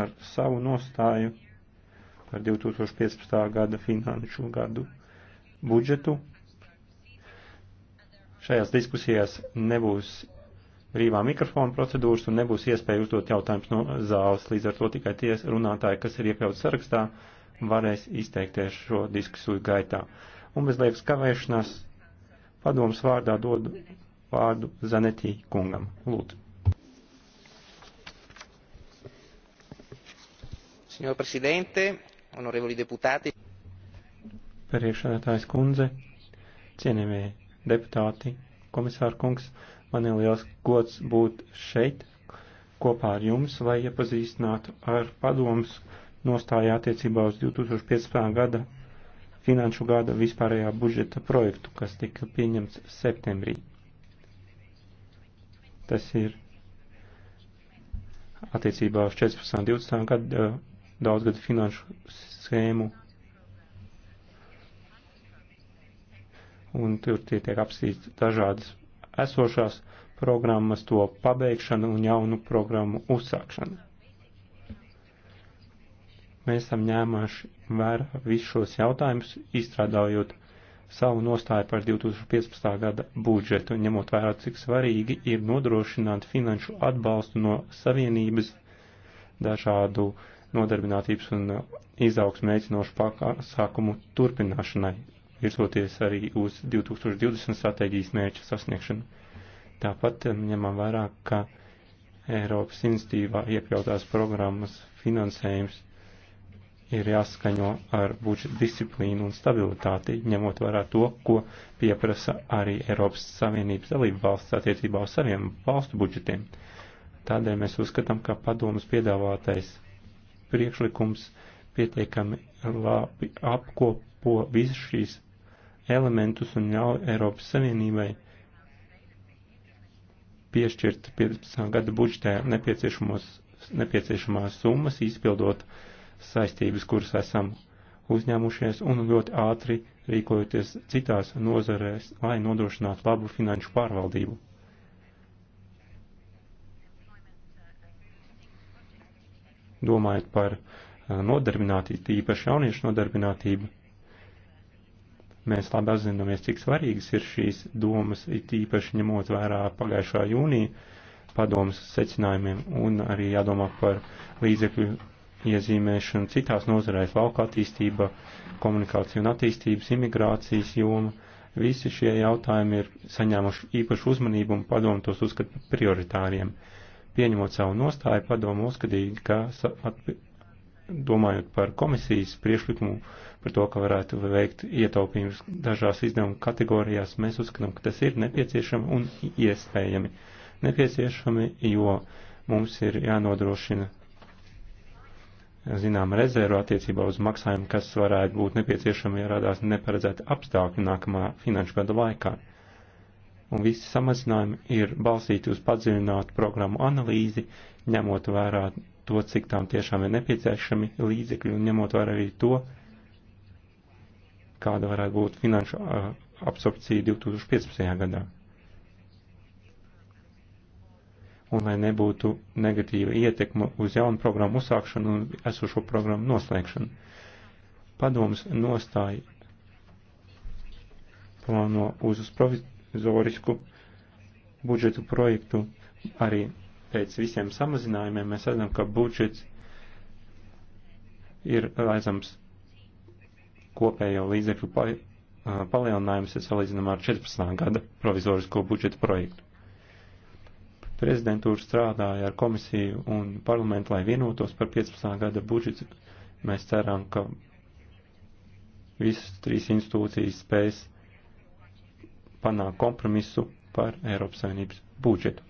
ar savu nostāju par 2015. gada finanšu gadu budžetu. Šajās diskusijās nebūs brīvā mikrofona procedūras un nebūs iespēja uzdot jautājumus no zāles. Līdz ar to tikai tie runātāji, kas ir iekļauts sarakstā, varēs izteikties šo diskusiju gaitā. Un bez liekas kavēšanās padoms vārdā dodu vārdu Zanetī kungam. Lūdzu. Signor Presidente, onorevoli deputāti. Priekšsēdētājs kundze, cienījamie deputāti, komisāra kungs, man ir liels gods būt šeit kopā ar jums, lai iepazīstinātu ar padomus nostājā attiecībā uz 2015. gada finanšu gada vispārējā budžeta projektu, kas tika pieņemts septembrī. Tas ir attiecībā uz 14. un 20. gada daudzgadu finanšu schēmu. Un tur tie tiek apsīts dažādas esošās programmas, to pabeigšana un jaunu programmu uzsākšana. Mēs esam ņēmāši vērā visus šos jautājumus, izstrādājot savu nostāju par 2015. gada budžetu, ņemot vērā, cik svarīgi ir nodrošināt finanšu atbalstu no Savienības dažādu uh, nodarbinātības un uh, izaugs mēģinošu pasākumu turpināšanai, virsoties arī uz 2020 stratēģijas mērķu sasniegšanu. Tāpat um, ņemam vairāk, ka Eiropas institīvā iekļautās programmas finansējums ir jāskaņo ar budžeta disciplīnu un stabilitāti, ņemot vērā to, ko pieprasa arī Eiropas Savienības dalību valsts attiecībā uz saviem valstu budžetiem. Tādēļ mēs uzskatām, ka padomas piedāvātais priekšlikums pietiekami labi apkopo visus šīs elementus un ļauj Eiropas Savienībai piešķirt 15. gada budžetē nepieciešamās summas, izpildot saistības, kuras esam uzņēmušies un ļoti ātri rīkojoties citās nozarēs, lai nodrošinātu labu finanšu pārvaldību. domājot par eh, nodarbinātību, īpaši jauniešu nodarbinātību, mēs labi apzināmies, cik svarīgas ir šīs domas, it īpaši ņemot vērā pagājušā jūnija padomas secinājumiem un arī jādomā par līdzekļu iezīmēšanu citās nozarēs - lauka attīstība, komunikācija un attīstības, imigrācijas joma. Visi šie jautājumi ir saņēmuši īpašu uzmanību un padomu tos uzskat par prioritāriem. Uh, Pieņemot savu nostāju, padomu uzskatīja, ka domājot par komisijas priešlikumu par to, ka varētu veikt ietaupījumus dažās izdevuma kategorijās, mēs uzskatām, ka tas ir nepieciešami un iespējami. Nepieciešami, jo mums ir jānodrošina zinām rezervu attiecībā uz maksājumu, kas varētu būt nepieciešami, ja radās neparedzēti apstākļi nākamā finanšu gada laikā un visi samazinājumi ir balstīti uz padziļinātu programmu analīzi, ņemot vērā to, cik tām tiešām ir nepieciešami līdzekļi un ņemot vērā arī to, kāda varētu būt finanšu absorpcija 2015. gadā. Un lai nebūtu negatīva ietekma uz jaunu programmu uzsākšanu un esošo programmu noslēgšanu. Padoms nostāja plāno uz, uz proviz zorisku budžetu projektu. Arī pēc visiem samazinājumiem mēs redzam, ka budžets ir redzams kopējo līdzekļu pa, palielinājums, ja salīdzinām ar 14. gada provizorisko budžetu projektu. Prezidentūra strādāja ar komisiju un parlamentu, lai vienotos par 15. gada budžetu. Mēs ceram, ka visas trīs institūcijas spēs uh, panākt kompromisu par Eiropas Savienības budžetu.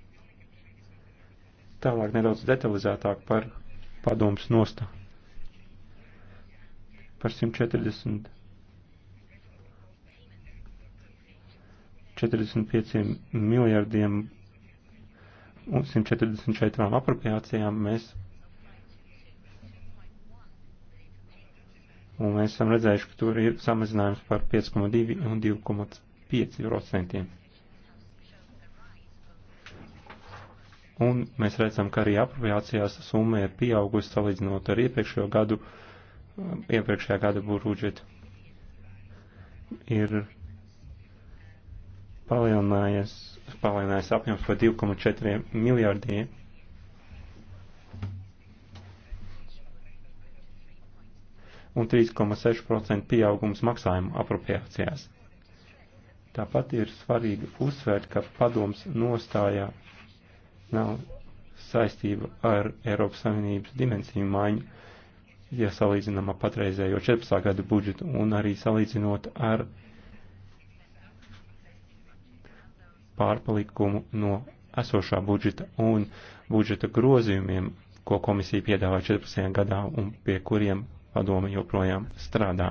Tālāk nedaudz detalizētāk par padomus nostā. Par 140. 45 miljardiem un 144 apropriācijām mēs un mēs esam redzējuši, ka tur ir samazinājums par 5,2 un 2,5. 5%. Un mēs redzam, ka arī apropriācijās summa ir pieaugusi salīdzinot ar iepriekšējo gadu, iepriekšējā gada budžetu. Ir palielinājies, palielinājies apjoms par 2,4 miljārdiem un 3,6% pieaugums maksājumu apropriācijās. Tāpat ir svarīgi uzsvērt, ka padoms nostājā nav saistība ar Eiropas Savienības dimensiju maiņu, ja salīdzinām ar patreizējo 14. gadu budžetu un arī salīdzinot ar pārpalikumu no esošā budžeta un budžeta grozījumiem, ko komisija piedāvāja 14. gadā un pie kuriem padome joprojām strādā.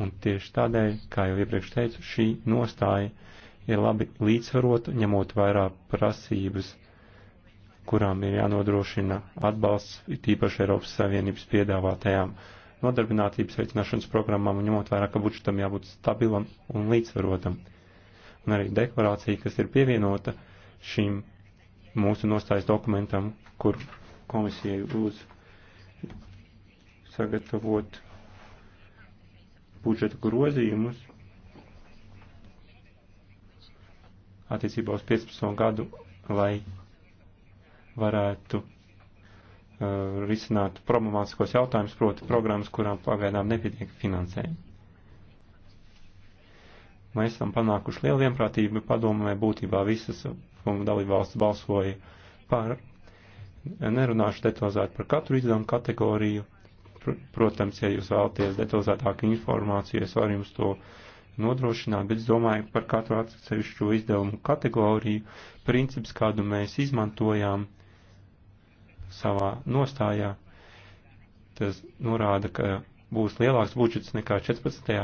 Un tieši tādēļ, kā jau iepriekš teicu, šī nostāja ir labi līdzsvarota, ņemot vairā prasības, kurām ir jānodrošina atbalsts, tīpaši Eiropas Savienības piedāvātajām nodarbinātības veicināšanas programmām, un ņemot vairā, ka budžetam jābūt stabilam un līdzsvarotam. Un arī deklarācija, kas ir pievienota šīm mūsu nostājas dokumentam, kur komisija lūdz sagatavot budžeta grozījumus attiecībā uz 15. gadu, lai varētu uh, risināt problemātiskos jautājumus, proti programmas, kurām pagaidām nepietiek finansējumi. Mēs esam panākuši lielu vienprātību, padomē būtībā visas dalībvalsts balsoja par, nerunāšu detalizēt par katru izdevumu kategoriju, Protams, ja jūs vēlaties detalizētāku informāciju, es varu jums to nodrošināt, bet es domāju par katru atsevišķo izdevumu kategoriju, princips, kādu mēs izmantojām savā nostājā, tas norāda, ka būs lielāks budžets nekā 14.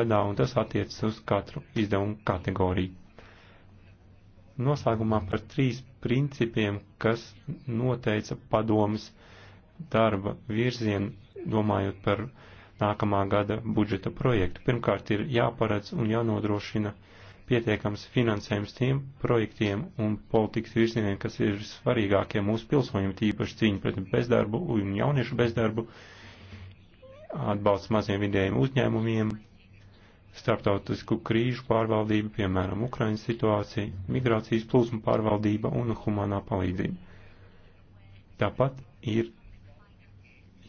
gadā, un tas attiecas uz katru izdevumu kategoriju. Noslēgumā par trīs principiem, kas noteica padomas darba virzienu, domājot par nākamā gada budžeta projektu. Pirmkārt, ir jāparedz un jānodrošina pietiekams finansējums tiem projektiem un politikas virzieniem, kas ir svarīgākie mūsu pilsoņiem, tīpaši cīņa pret bezdarbu un jauniešu bezdarbu, atbalsts maziem vidējiem uzņēmumiem, starptautisku krīžu pārvaldība, piemēram, Ukrainas situācija, migrācijas plūsmu pārvaldība un humanā palīdzība. Tāpat ir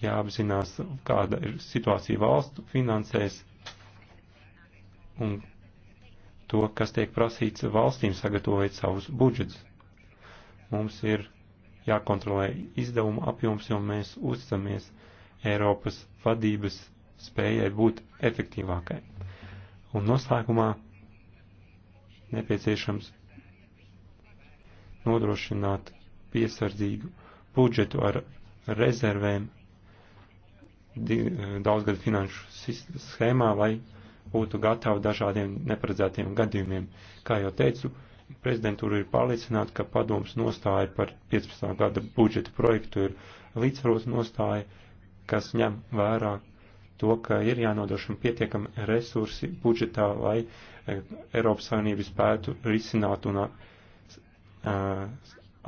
jāapzinās, kāda ir situācija valstu finansēs un to, kas tiek prasīts valstīm sagatavojot savus budžets. Mums ir jākontrolē izdevuma apjoms, jo mēs uzticamies Eiropas vadības spējai būt efektīvākai. Un noslēgumā nepieciešams nodrošināt piesardzīgu budžetu ar rezervēm daudzgadu finanšu schēmā, lai būtu gatavi dažādiem neparedzētiem gadījumiem. Kā jau teicu, prezidentūra ir pārliecināta, ka padoms nostāja par 15. gada budžeta projektu ir līdzsvaros nostāja, kas ņem vērā to, ka ir jānodrošina pietiekami resursi budžetā, lai eh, Eiropas Savienības spētu risināt un uh,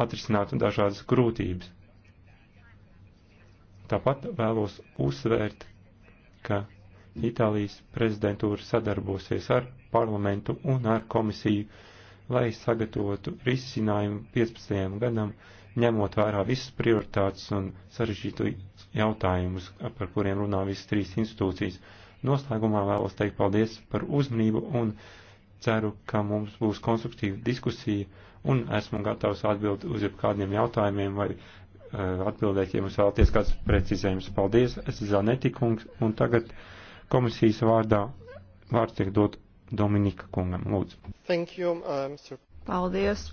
atrisināt dažādas grūtības. Tāpat vēlos uzsvērt, ka Itālijas prezidentūra sadarbosies ar parlamentu un ar komisiju, lai sagatavotu risinājumu 15. gadam, ņemot vērā visas prioritātes un sarežģītu jautājumus, par kuriem runā visas trīs institūcijas. Noslēgumā vēlos teikt paldies par uzmanību un ceru, ka mums būs konstruktīva diskusija un esmu gatavs atbild uz jebkādiem jautājumiem vai Eh, atbildēt, ja jums vēlaties kāds precizējums. Paldies, es Zaneti kungs, un tagad komisijas vārdā vārds tiek dot Dominika kungam. Lūdzu. Thank you, um, uh, sir. Paldies,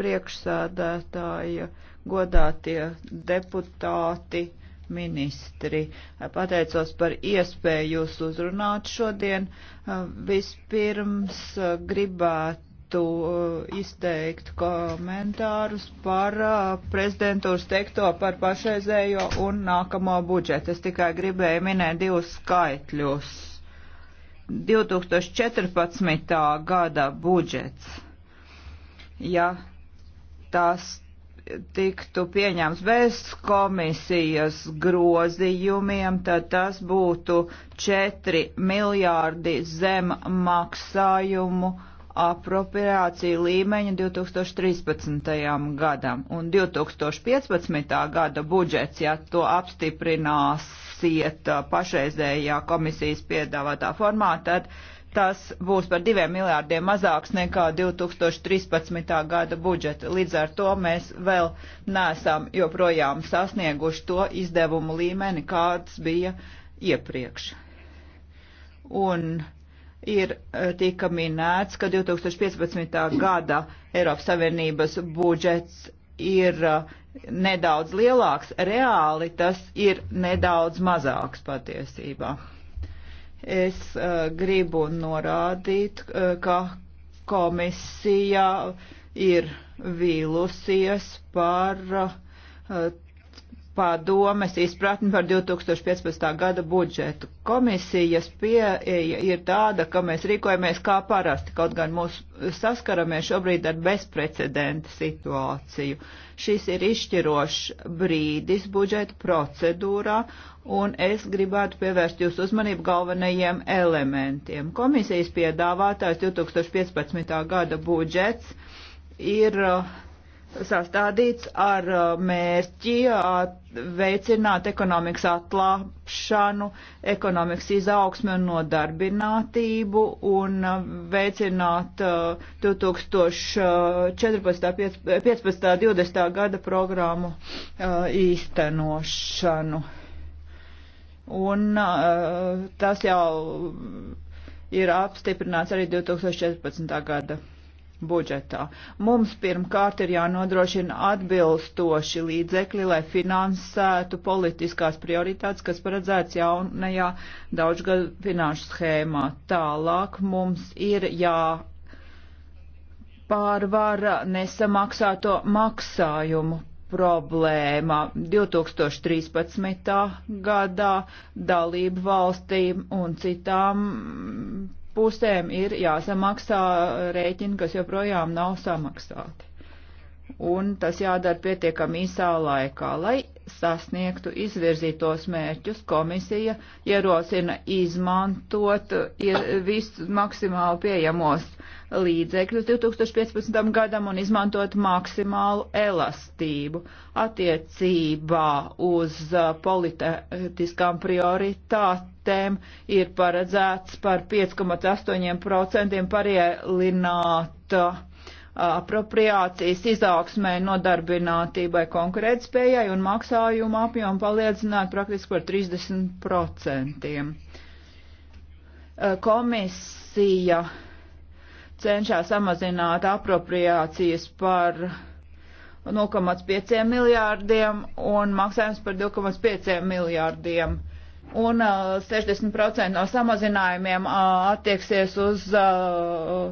priekšsēdētāja, godātie deputāti, ministri. Pateicos par iespēju jūs uzrunāt šodien. Eh, vispirms eh, gribētu gribētu uh, izteikt komentārus par uh, prezidentūras teikto par pašreizējo un nākamo budžetu. Es tikai gribēju minēt divus skaitļus. 2014. gada budžets, ja tas tiktu pieņemts bez komisijas grozījumiem, tad tas būtu 4 miljārdi zem maksājumu apropriāciju līmeņa 2013. gadam. Un 2015. gada budžets, ja to apstiprināsiet uh, pašreizējā komisijas piedāvātā formā, tad tas būs par diviem miljārdiem mazāks nekā 2013. gada budžeta. Līdz ar to mēs vēl nesam joprojām sasnieguši to izdevumu līmeni, kāds bija iepriekš. Un ir e, tika minēts, ka 2015. gada Eiropas Savienības budžets ir e, nedaudz lielāks, reāli tas ir nedaudz mazāks patiesībā. Es uh, gribu norādīt, uh, ka komisija ir vīlusies par uh, padomes izpratni par 2015. gada budžetu. Komisijas pieeja ir tāda, ka mēs rīkojamies kā parasti, kaut gan mūs saskaramies šobrīd ar bezprecedenta situāciju. Šis ir izšķirošs brīdis budžeta procedūrā, un es gribētu pievērst jūsu uzmanību galvenajiem elementiem. Komisijas piedāvātājs 2015. gada budžets ir uh, sastādīts ar uh, mērķi uh, veicināt ekonomikas atlāpšanu, ekonomikas izaugsmi un nodarbinātību un uh, veicināt 2014. 15. 20. gada programmu īstenošanu. Un tas jau ir apstiprināts arī 2014. gada budžetā. Mums pirmkārt ir jānodrošina atbilstoši līdzekļi, lai finansētu politiskās prioritātes, kas paredzēts jaunajā daudzgadu finanšu schēmā. Tālāk mums ir jā pārvara nesamaksāto maksājumu problēma 2013. gadā dalību valstīm un citām pusēm ir jāsamaksā rēķini, kas joprojām nav samaksāti. Un tas jādara pietiekami īsā laikā, lai sasniegtu izvirzītos mērķus, komisija ierosina izmantot visus maksimāli pieejamos līdzekļus 2015. gadam un izmantot maksimālu elastību attiecībā uz uh, politiskām prioritātēm ir paredzēts par 5,8% parielināta uh, apropriācijas izaugsmē, nodarbinātībai, konkurētspējai un maksājumu apjomu palielināt praktiski par 30%. Eh, komisija cenšas samazināt apropriācijas par 0,5 miljārdiem un maksājums par 2,5 miljārdiem un uh, eh, 60% no samazinājumiem uh, attieksies uz uh,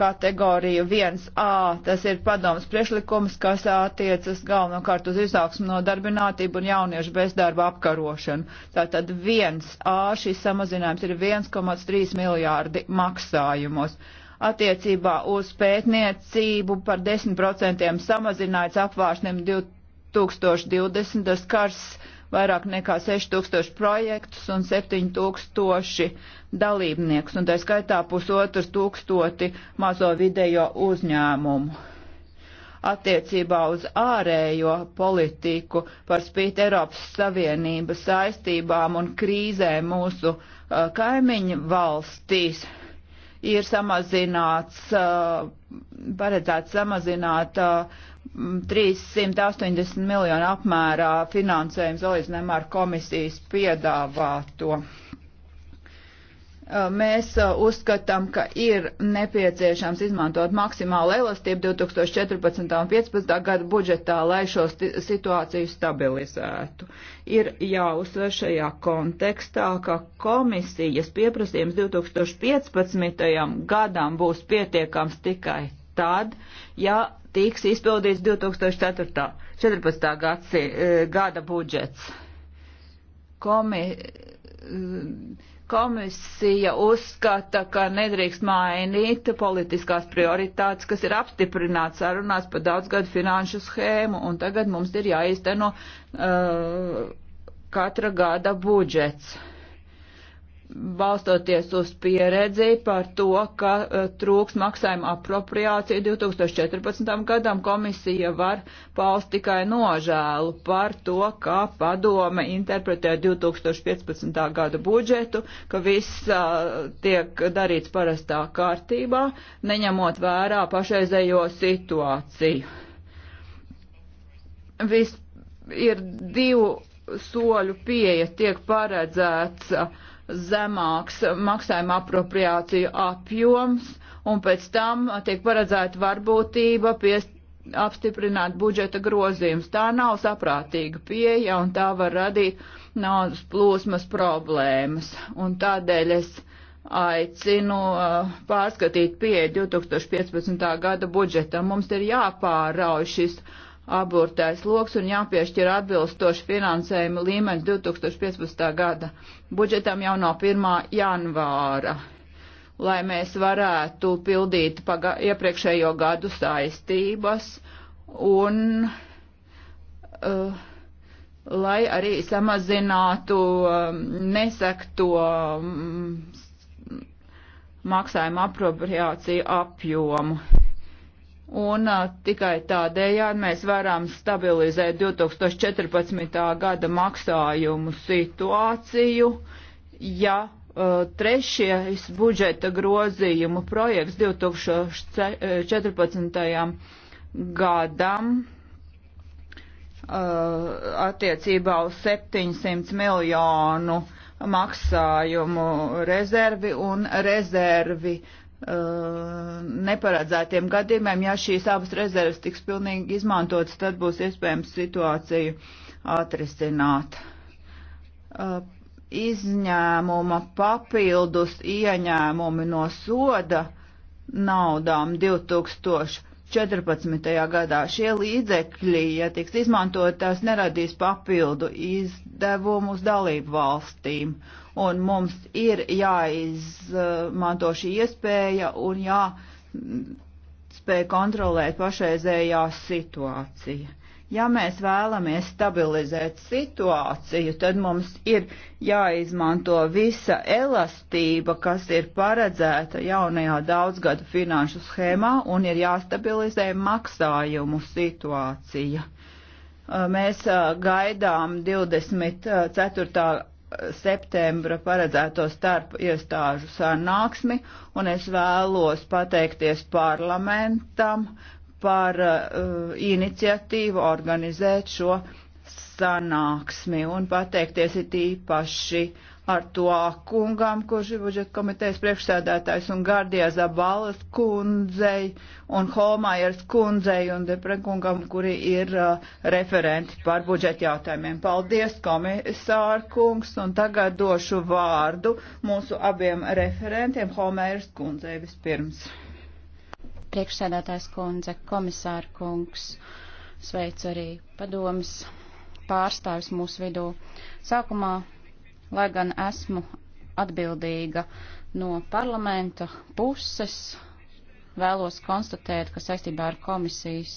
kategoriju 1A. Tas ir padomas priešlikums, kas attiecas galvenokārt uz izaugsmu no darbinātību un jauniešu bezdarba apkarošanu. Tātad 1A šis samazinājums ir 1,3 miljārdi maksājumos. Attiecībā uz pētniecību par 10% samazināts apvāršņiem 2020. Tas kars vairāk nekā 6000 projektus un 7000 dalībniekus, un tā skaitā pusotrs tūkstoti mazo vidējo uzņēmumu. Attiecībā uz ārējo politiku par spīti Eiropas Savienības saistībām un krīzēm mūsu uh, kaimiņu valstīs ir samazināts, uh, paredzēts samazināt uh, 380 miljonu apmērā finansējums salīdzinām ar komisijas piedāvāto. Mēs uzskatām, ka ir nepieciešams izmantot maksimālu elastību 2014. un 2015. gada budžetā, lai šo situāciju stabilizētu. Ir jāuzsver šajā kontekstā, ka komisijas pieprasījums 2015. gadam būs pietiekams tikai tad, ja tiks izpildīts 2014. Gadsi, e, gada budžets. Komi, e, komisija uzskata, ka nedrīkst mainīt politiskās prioritātes, kas ir apstiprināts sarunās par daudzgadu finanšu schēmu, un tagad mums ir jāizteno uh, katra gada budžets. Uh, balstoties uz pieredzi par to, ka eh, trūks maksājuma apropriācija 2014. gadam, komisija var paust tikai nožēlu par to, kā padome interpretē 2015. gada budžetu, ka viss eh, tiek darīts parastā kārtībā, neņemot vērā pašreizējo situāciju. Viss ir divu soļu pieeja tiek paredzēts uh, zemāks maksājuma apropriāciju apjoms, un pēc tam tiek paredzēta varbūtība piest apstiprināt budžeta grozījums. Tā nav saprātīga pieeja un tā var radīt naudas plūsmas problēmas. Un tādēļ es aicinu uh, pārskatīt pieeju 2015. gada budžetam. Mums ir jāpārauj šis uh, aburtais loks un jāpiešķir atbilstoši finansējuma līmenis 2015. gada budžetam jau no 1. janvāra, lai mēs varētu pildīt paga iepriekšējo gadu saistības un uh, lai arī samazinātu um, nesekto um, maksājuma apropriāciju apjomu un a, tikai tādējādi mēs varam stabilizēt 2014. gada maksājumu situāciju, ja a, trešais budžeta grozījumu projekts 2014. gadam a, attiecībā uz 700 miljonu maksājumu rezervi un rezervi uh, Uh, neparedzētiem gadījumiem. Ja šīs abas rezerves tiks pilnīgi izmantotas, tad būs iespējams situāciju atrisināt. Uh, izņēmuma papildus ieņēmumi no soda naudām 2000. 14. gadā. Šie līdzekļi, ja tiks izmantot, tās neradīs papildu izdevumus dalību valstīm. Un mums ir jāizmanto šī iespēja un jāspēj kontrolēt pašreizējā situācija. Ja mēs vēlamies stabilizēt situāciju, tad mums ir jāizmanto visa elastība, kas ir paredzēta jaunajā daudzgadu finanšu schēmā, un ir jāstabilizē maksājumu situācija. Uh, mēs uh, gaidām 24 uh, septembra paredzēto starp iestāžu sanāksmi, un es vēlos pateikties parlamentam par uh, iniciatīvu organizēt šo sanāksmi un pateikties it īpaši ar to kungam, kurš ir budžeta komitejas priekšsēdētājs un Gardijā Zabalas kundzei un Holmajers kundzei un Deprekungam, kuri ir uh, referenti par budžeta jautājumiem. Paldies, komisār kungs, un tagad došu vārdu mūsu abiem referentiem Holmajers kundzei vispirms priekšsēdētājs kundze, komisāra kungs, sveicu arī padomas pārstāvis mūsu vidū. Sākumā, lai gan esmu atbildīga no parlamenta puses, vēlos konstatēt, ka saistībā ar komisijas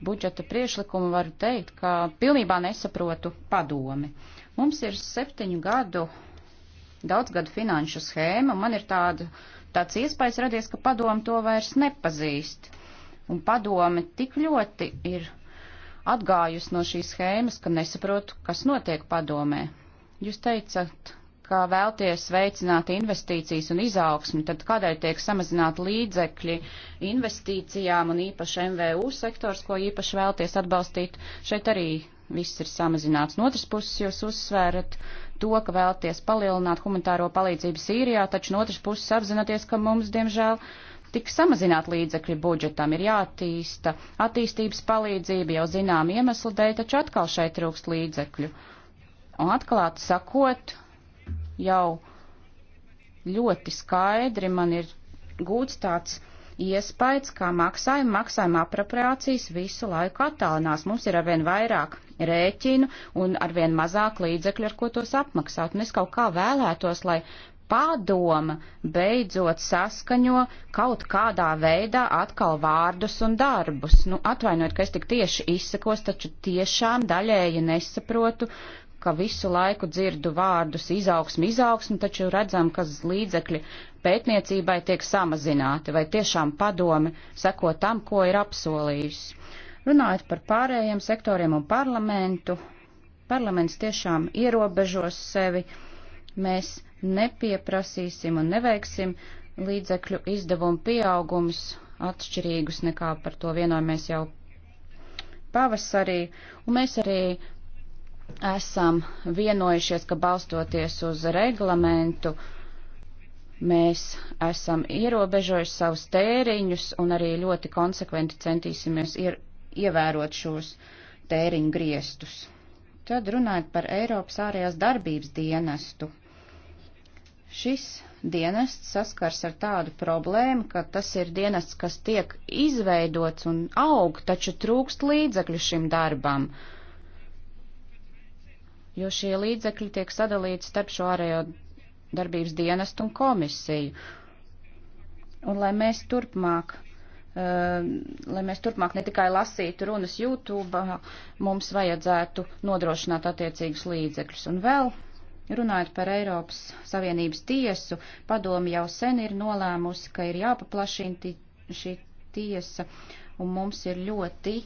budžeta priešlikumu varu teikt, ka pilnībā nesaprotu padomi. Mums ir septiņu gadu daudzgadu finanšu schēma, un man ir tāda tāds iespējas radies, ka padomu to vairs nepazīst. Un padome tik ļoti ir atgājusi no šīs schēmas, ka nesaprotu, kas notiek padomē. Jūs teicat, kā vēlties veicināt investīcijas un izaugsmi, tad kādēļ tiek samazināt līdzekļi investīcijām un īpaši MVU sektors, ko īpaši vēlties atbalstīt? Šeit arī viss ir samazināts. No otras puses jūs uzsvērat to, ka vēlaties palielināt humanitāro palīdzību Sīrijā, taču no otras puses apzināties, ka mums, diemžēl, tik samazināt līdzekļi budžetam ir jātīsta attīstības palīdzība jau zinām iemeslu dēļ, taču atkal šeit trūkst līdzekļu. Un atklāt sakot, jau ļoti skaidri man ir gūts tāds iespējas, kā maksājuma, maksājuma apropriācijas visu laiku attālinās. Mums ir arvien vairāk rēķinu un arvien mazāk līdzekļu, ar ko tos apmaksāt. Un es kaut kā vēlētos, lai padoma beidzot saskaņo kaut kādā veidā atkal vārdus un darbus. Nu, atvainojiet, ka es tik tieši izsakos, taču tiešām daļēji nesaprotu, ka visu laiku dzirdu vārdus izaugsmi, izaugsmi, taču redzam, ka līdzekļi pētniecībai tiek samazināti, vai tiešām padomi seko tam, ko ir apsolījusi. Runājot par pārējiem sektoriem un parlamentu, parlaments tiešām ierobežos sevi. Mēs nepieprasīsim un neveiksim līdzekļu izdevumu pieaugums atšķirīgus nekā par to vienojamies jau pavasarī. Un mēs arī esam vienojušies, ka balstoties uz reglamentu, mēs esam ierobežojuši savus tēriņus un arī ļoti konsekventi centīsimies ir ievērot šos tēriņu griestus. Tad runājot par Eiropas ārējās darbības dienestu. Šis dienests saskars ar tādu problēmu, ka tas ir dienests, kas tiek izveidots un aug, taču trūkst līdzekļu šim darbam jo šie līdzekļi tiek sadalīti starp šo ārējo darbības dienestu un komisiju. Un lai mēs turpmāk Um, lai mēs turpmāk ne tikai lasītu runas YouTube, mums vajadzētu nodrošināt attiecīgus līdzekļus. Un vēl, runājot par Eiropas Savienības tiesu, padomi jau sen ir nolēmusi, ka ir jāpaplašina šī tiesa, un mums ir ļoti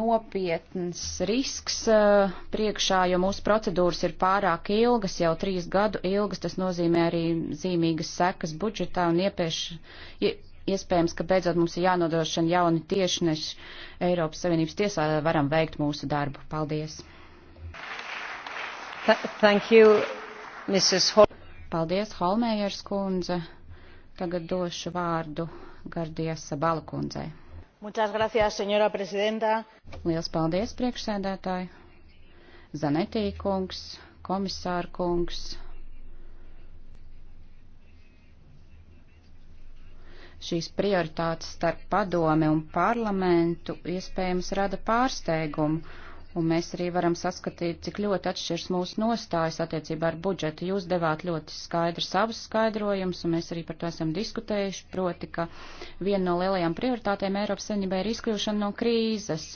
nopietns risks uh, priekšā, jo mūsu procedūras ir pārāk ilgas, jau trīs gadu ilgas, tas nozīmē arī zīmīgas sekas budžetā un iepieš, ie, iespējams, ka beidzot mums ir jānodrošina jauni tiešneši Eiropas Savienības tiesā, lai varam veikt mūsu darbu. Paldies! Th thank you, Mrs. Hol Paldies, Holmējers kundze. Tagad došu vārdu Gardies Sabala kundzei. Muchas gracias, señora presidenta. Liels paldies, priekšsēdētāji. Zanetī kungs, komisāra kungs, šīs prioritātes starp padome un parlamentu iespējams rada pārsteigumu, un mēs arī varam saskatīt, cik ļoti atšķirs mūsu nostājas attiecībā ar budžetu. Jūs devāt ļoti skaidru savus skaidrojumus, un mēs arī par to esam diskutējuši, proti, ka viena no lielajām prioritātēm Eiropas saimnībai ir izkļūšana no krīzes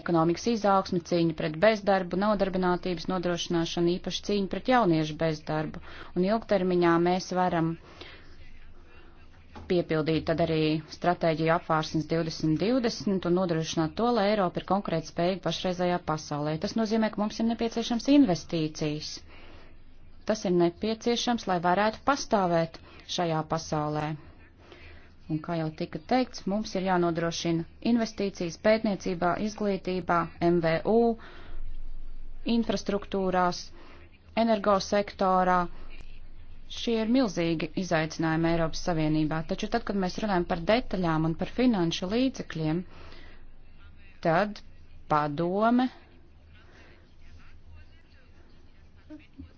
ekonomikas izaugsme, cīņa pret bezdarbu, nodarbinātības nodrošināšana, īpaši cīņa pret jauniešu bezdarbu. Un ilgtermiņā mēs varam uh, piepildīt tad arī stratēģiju apvārsnes 2020 un nodrošināt to, lai Eiropa ir konkrēti spējīga pašreizējā pasaulē. Tas nozīmē, ka mums ir nepieciešams investīcijas. Tas ir nepieciešams, lai varētu pastāvēt šajā pasaulē. Un kā jau tika teikts, mums ir jānodrošina investīcijas pētniecībā, izglītībā, MVU, infrastruktūrās, energosektorā, Šie ir milzīgi izaicinājumi Eiropas Savienībā, taču tad, kad mēs runājam par detaļām un par finanšu līdzekļiem, tad padome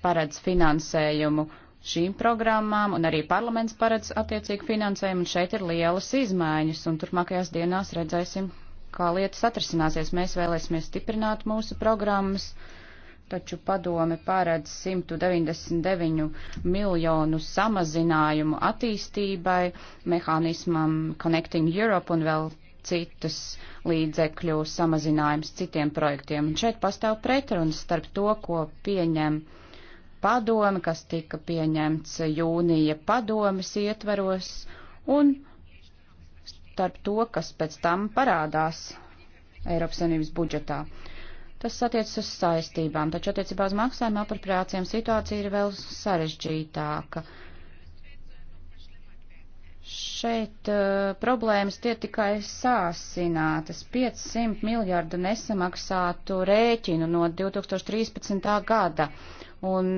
paredz finansējumu šīm programmām, un arī parlaments paredz attiecīgu finansējumu, un šeit ir lielas izmaiņas, un turpmākajās dienās redzēsim, kā lietas atrisināsies. Mēs vēlēsimies stiprināt mūsu programmas, uh, taču padome pārēdz 199 miljonu samazinājumu attīstībai, mehānismam Connecting Europe un vēl citas līdzekļu samazinājums citiem projektiem. Un šeit pastāv pretrunas starp to, ko pieņem padome, kas tika pieņemts jūnija padomes ietveros, un starp to, kas pēc tam parādās Eiropas Savienības budžetā. Uh, Tas attiecas uz saistībām, taču attiecībā uz maksājuma apropriācijām situācija ir vēl sarežģītāka. Šeit uh, problēmas tie tikai sāsinātas. 500 miljārdu nesamaksātu rēķinu no 2013. gada. Un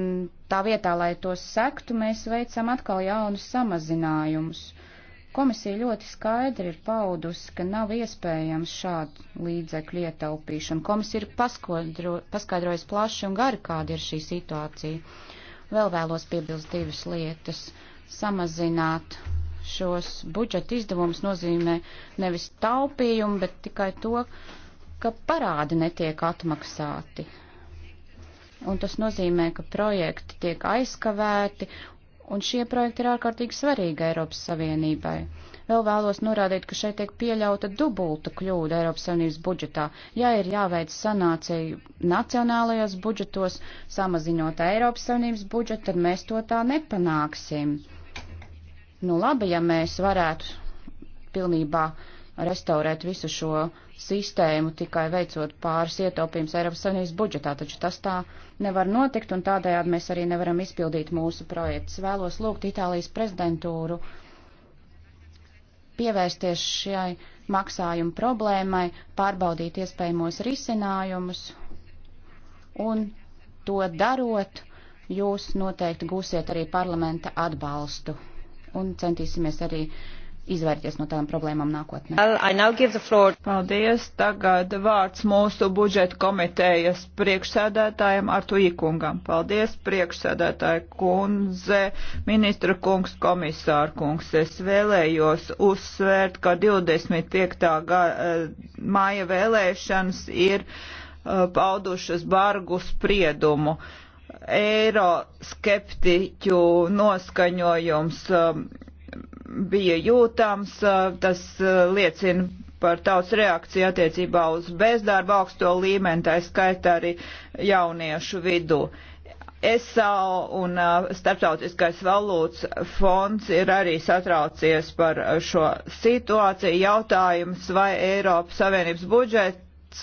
tā vietā, lai tos sektu, mēs veicam atkal jaunus samazinājumus. Uh, Komisija ļoti skaidri ir paudusi, ka nav iespējams šādu līdzekļu ietaupīšanu. Komisija ir paskaidrojusi plaši un gari, kāda ir šī situācija. Vēl vēlos piebilst divas lietas. Samazināt šos budžeta izdevumus nozīmē nevis taupījumu, bet tikai to, ka parādi netiek atmaksāti. Un tas nozīmē, ka projekti tiek aizkavēti un šie projekti ir ārkārtīgi svarīgi Eiropas Savienībai. Vēl vēlos norādīt, ka šeit tiek pieļauta dubulta kļūda Eiropas Savienības budžetā. Ja ir jāveic sanācija nacionālajos budžetos, samazinot Eiropas Savienības budžetu, tad mēs to tā nepanāksim. Nu labi, ja mēs varētu pilnībā uh, restaurēt visu šo sistēmu tikai veicot pāris ietaupījums Eiropas Savienības budžetā, taču tas tā nevar notikt un tādējādi mēs arī nevaram izpildīt mūsu projektus. Vēlos lūgt Itālijas prezidentūru pievērsties šai maksājumu problēmai, pārbaudīt iespējamos risinājumus un to darot, jūs noteikti gūsiet arī parlamenta atbalstu un centīsimies arī uh, izvairīties no tādām problēmām nākotnē. Paldies. Tagad vārds mūsu budžeta komitejas priekšsēdētājiem Artu Ikungam. Paldies, priekšsēdētāja kundze, ministra kungs, komisāra kungs. Es vēlējos uzsvērt, ka 25. Eh, māja vēlēšanas ir eh, paudušas bargu spriedumu eiroskeptiķu noskaņojums um, bija jūtams, tas liecina par tautas reakciju attiecībā uz bezdarba augsto līmeni, tā skaitā arī jauniešu vidū. ESAO un Startautiskais valūtas fonds ir arī satraucies par šo situāciju. Jautājums, vai Eiropas Savienības budžets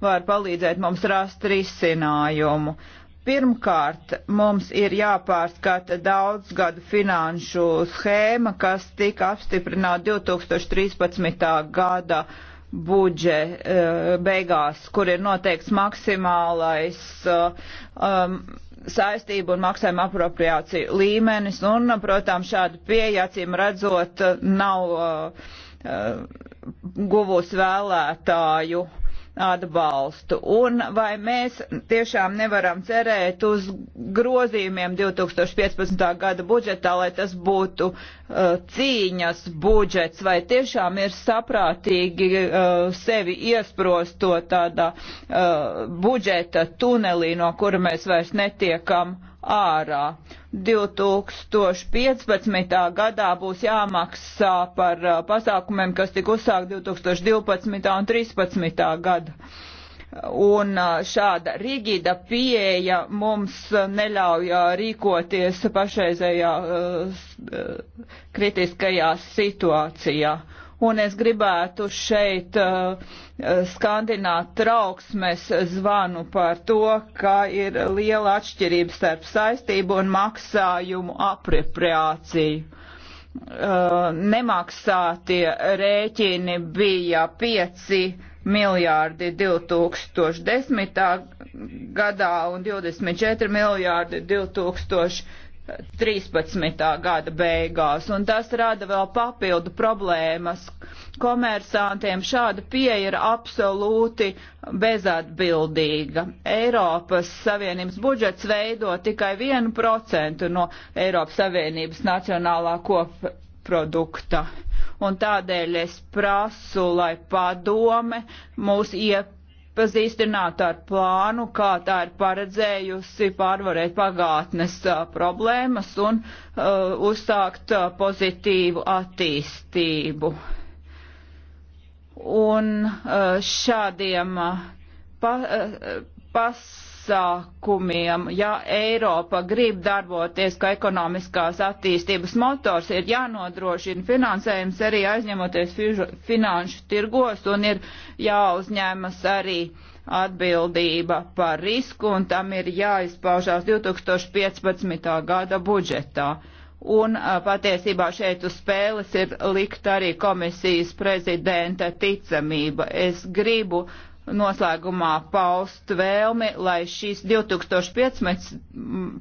var palīdzēt mums rast risinājumu. Uh, Pirmkārt, mums ir jāpārskata daudzgadu finanšu schēma, kas tika apstiprināta 2013. gada budže eh, beigās, kur ir noteikts maksimālais eh, um, saistību un maksājuma apropriāciju līmenis. Un, protams, šāda pieeja, acīm redzot, nav uh, guvusi vēlētāju uh, atbalstu. Un vai mēs tiešām nevaram cerēt uz grozījumiem 2015. gada budžetā, lai tas būtu uh, cīņas budžets, vai tiešām ir saprātīgi uh, sevi iesprostot tādā uh, budžeta tunelī, no kura mēs vairs netiekam ārā. 2015. gadā būs jāmaksā par uh, pasākumiem, kas tika uzsākt 2012. un 2013. gada. Un uh, šāda rigida pieeja mums uh, neļauj rīkoties pašreizējā kritiskajā situācijā un es gribētu šeit uh, uh skandināt trauksmes zvanu par to, ka ir liela atšķirība starp saistību un maksājumu apropriāciju. Uh, nemaksātie rēķini bija 5 miljārdi 2010. gadā un 24 miljārdi 2010. 13. gada beigās, un tas rada vēl papildu problēmas komersantiem. Šāda pieeja ir absolūti bezatbildīga. Eiropas Savienības budžets veido tikai 1% no Eiropas Savienības nacionālā kopprodukta, un tādēļ es prasu, lai padome mūs iepazīst pazīstināt ar plānu, kā tā ir paredzējusi pārvarēt pagātnes problēmas un uh, uzsākt pozitīvu attīstību. Un uh, šādiem pa, pas pasākumiem, ja Eiropa grib darboties kā ekonomiskās attīstības motors, ir jānodrošina finansējums arī aizņemoties finanšu tirgos un ir jāuzņemas arī atbildība par risku un tam ir jāizpaužās 2015. gada budžetā. Un patiesībā šeit uz spēles ir likt arī komisijas prezidenta ticamība. Es gribu uh, noslēgumā paust vēlmi, lai šīs 2015.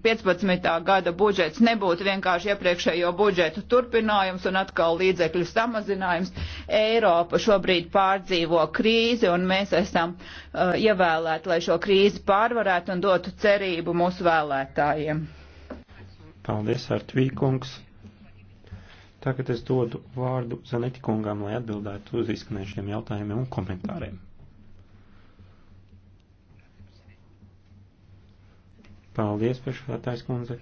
15. gada budžets nebūtu vienkārši iepriekšējo budžetu turpinājums un atkal līdzekļu samazinājums. Eiropa šobrīd pārdzīvo krīzi un mēs esam uh, ievēlēti, lai šo krīzi pārvarētu un dotu cerību mūsu vēlētājiem. Paldies, Artvīkungs. Tagad es dodu vārdu Zanetikungam, lai atbildētu uz izskanējušiem jautājumiem un komentāriem. Paldies, priekšsādātājs kundze.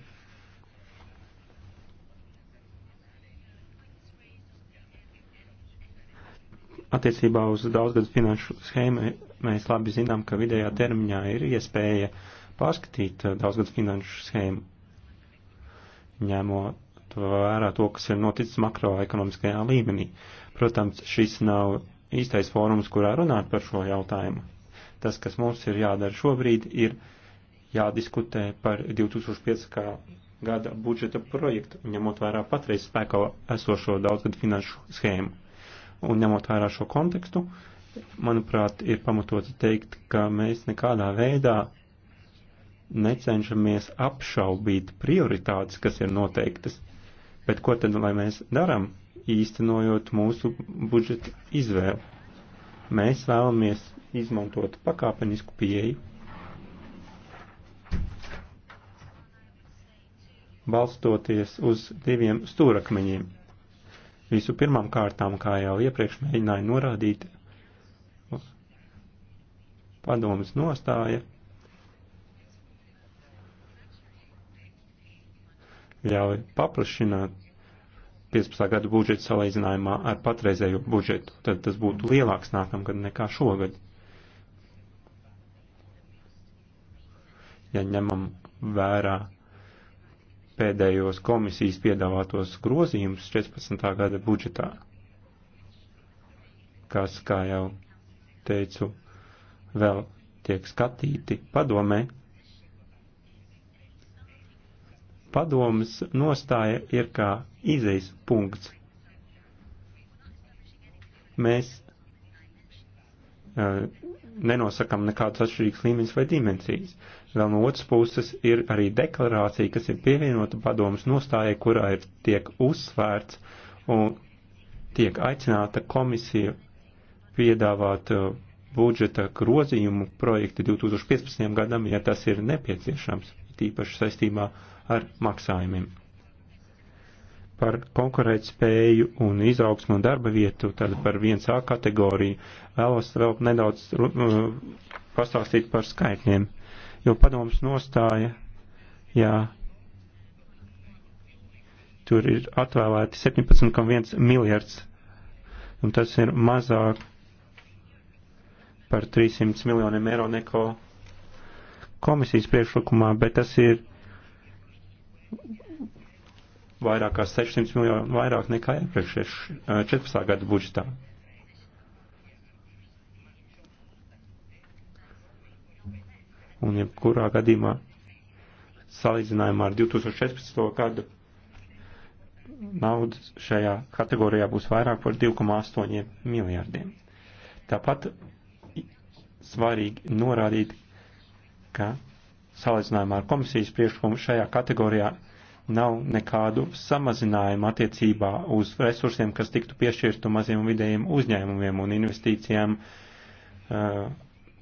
Attiecībā uz daudzgadu finanšu schēmu mēs labi zinām, ka vidējā termiņā ir iespēja pārskatīt uh, daudzgadu finanšu schēmu, ņemot vērā to, kas ir noticis makroekonomiskajā līmenī. Protams, šis nav īstais fórums, kurā runāt par šo jautājumu. Tas, kas mums ir jādara šobrīd, ir jādiskutē par 2005. gada budžeta projektu, ņemot vērā patreiz spēkā esošo daudzgad finanšu schēmu. Un ņemot vērā šo kontekstu, manuprāt, ir pamatoti teikt, ka mēs nekādā veidā necenšamies apšaubīt prioritātes, kas ir noteiktas, bet ko tad lai mēs daram, īstenojot mūsu budžeta izvēli? Mēs vēlamies izmantot pakāpenisku pieeju balstoties uz diviem stūrakmeņiem. Visu pirmām kārtām, kā jau iepriekš mēģināja norādīt, padomas nostāja ļauj paplašināt 15. gadu budžetu salīdzinājumā ar patreizējo budžetu, tad tas būtu lielāks nākamgad nekā šogad. Ja ņemam vērā pēdējos komisijas piedāvātos grozījumus 14. gada budžetā, kas, kā jau teicu, vēl tiek skatīti padomē. Padomas nostāja ir kā izejas punkts. Mēs uh, nenosakam nekādas atšķirīgas līmeņas vai dimensijas. Vēl no otras puses ir arī deklarācija, kas ir pievienota padomas nostājai, kurā ir tiek uzsvērts un tiek aicināta komisija piedāvāt uh, budžeta grozījumu projekti 2015. gadam, ja tas ir nepieciešams, tīpaši saistībā ar maksājumiem par konkurētspēju un izaugsmu un darba vietu, tad par 1A kategoriju vēlos vēl nedaudz uh, pastāstīt par skaitļiem, jo padoms nostāja, jā, tur ir atvēlēti 17,1 miljards, un tas ir mazāk par 300 miljoniem eiro neko komisijas priekšlikumā, bet tas ir vairāk kā 600 miljonu vairāk nekā iepriekš 14. Eh, gada budžetā. Un jebkurā gadījumā salīdzinājumā ar 2014. gadu naudas šajā kategorijā būs vairāk par 2,8 miljārdiem. Tāpat svarīgi norādīt, ka salīdzinājumā ar komisijas priekšlikumu šajā kategorijā nav nekādu samazinājumu attiecībā uz resursiem, kas tiktu piešķirtu maziem un vidējiem uzņēmumiem un investīcijām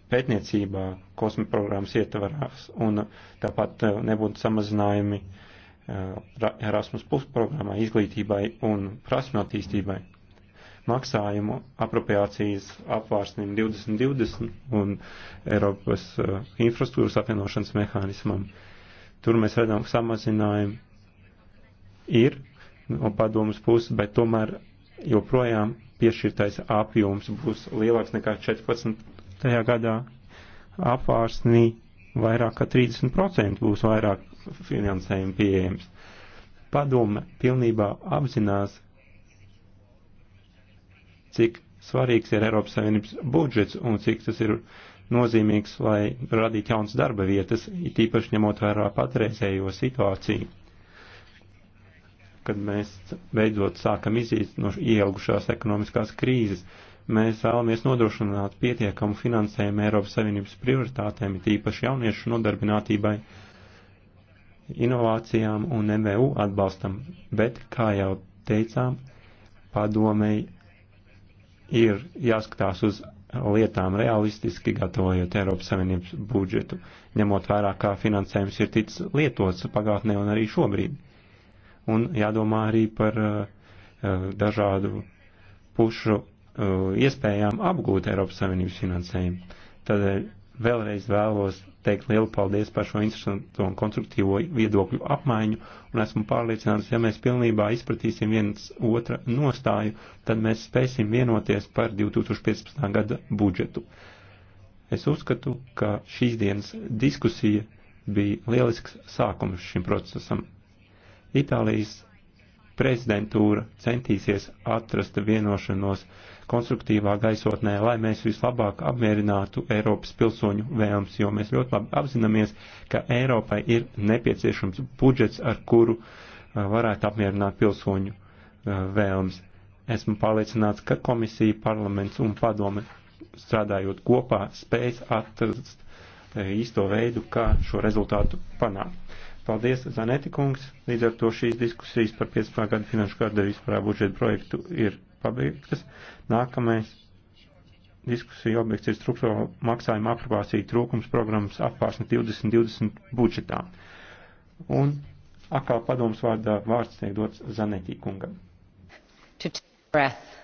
pētniecībā kosmoprogrammas ietvarās. Un tāpat nebūtu samazinājumi Erasmus Plus programmai, izglītībai un prasmu attīstībai maksājumu apropriācijas apvārsnim 2020 un Eiropas uh, infrastruktūras apvienošanas mehānismam. Tur mēs redzam samazinājumu ir no padomas puses, bet tomēr joprojām piešķirtais apjoms būs lielāks nekā 14. gadā apvārsnī vairāk kā 30% būs vairāk finansējuma pieejams. Padome pilnībā apzinās, cik svarīgs ir Eiropas Savienības budžets un cik tas ir nozīmīgs, lai radītu jaunas darba vietas, it īpaši ņemot vērā patreizējo situāciju kad mēs beidzot sākam iziet no ieilgušās ekonomiskās krīzes. Mēs vēlamies nodrošināt pietiekamu finansējumu Eiropas Savienības prioritātēm, tīpaši jauniešu nodarbinātībai, inovācijām un MVU atbalstam, bet, kā jau teicām, padomēji ir jāskatās uz lietām realistiski, gatavojot Eiropas Savienības budžetu, ņemot vērā, kā finansējums ir ticis lietots pagātnē un arī šobrīd un jādomā arī par eh, eh, dažādu pušu eh, iespējām apgūt Eiropas Savienības finansējumu. Tādēļ vēlreiz vēlos teikt lielu paldies par šo interesantu un konstruktīvo viedokļu apmaiņu, un esmu pārliecināts, ja mēs pilnībā izpratīsim viens otra nostāju, tad mēs spēsim vienoties par 2015. gada budžetu. Es uzskatu, ka šīs dienas diskusija bija lielisks sākums šim procesam. Itālijas prezidentūra centīsies atrast vienošanos konstruktīvā gaisotnē, lai mēs vislabāk apmierinātu Eiropas pilsoņu vēlms, jo mēs ļoti labi apzināmies, ka Eiropai ir nepieciešams budžets, ar kuru uh, varētu apmierināt pilsoņu uh, vēlms. Esmu pārliecināts, ka komisija, parlaments un padome strādājot kopā spēs atrast uh, īsto veidu, kā šo rezultātu panākt. Paldies, Zaneti kungs. Līdz ar to šīs diskusijas par 15. gada finanšu gada vispārā budžeta projektu ir pabeigtas. Nākamais diskusija objekts ir struktūra maksājuma aprobācija trūkums programmas apvārsne 2020 budžetā. Un atkal padoms vārdā vārds tiek dots Zanetī kungam. To breath.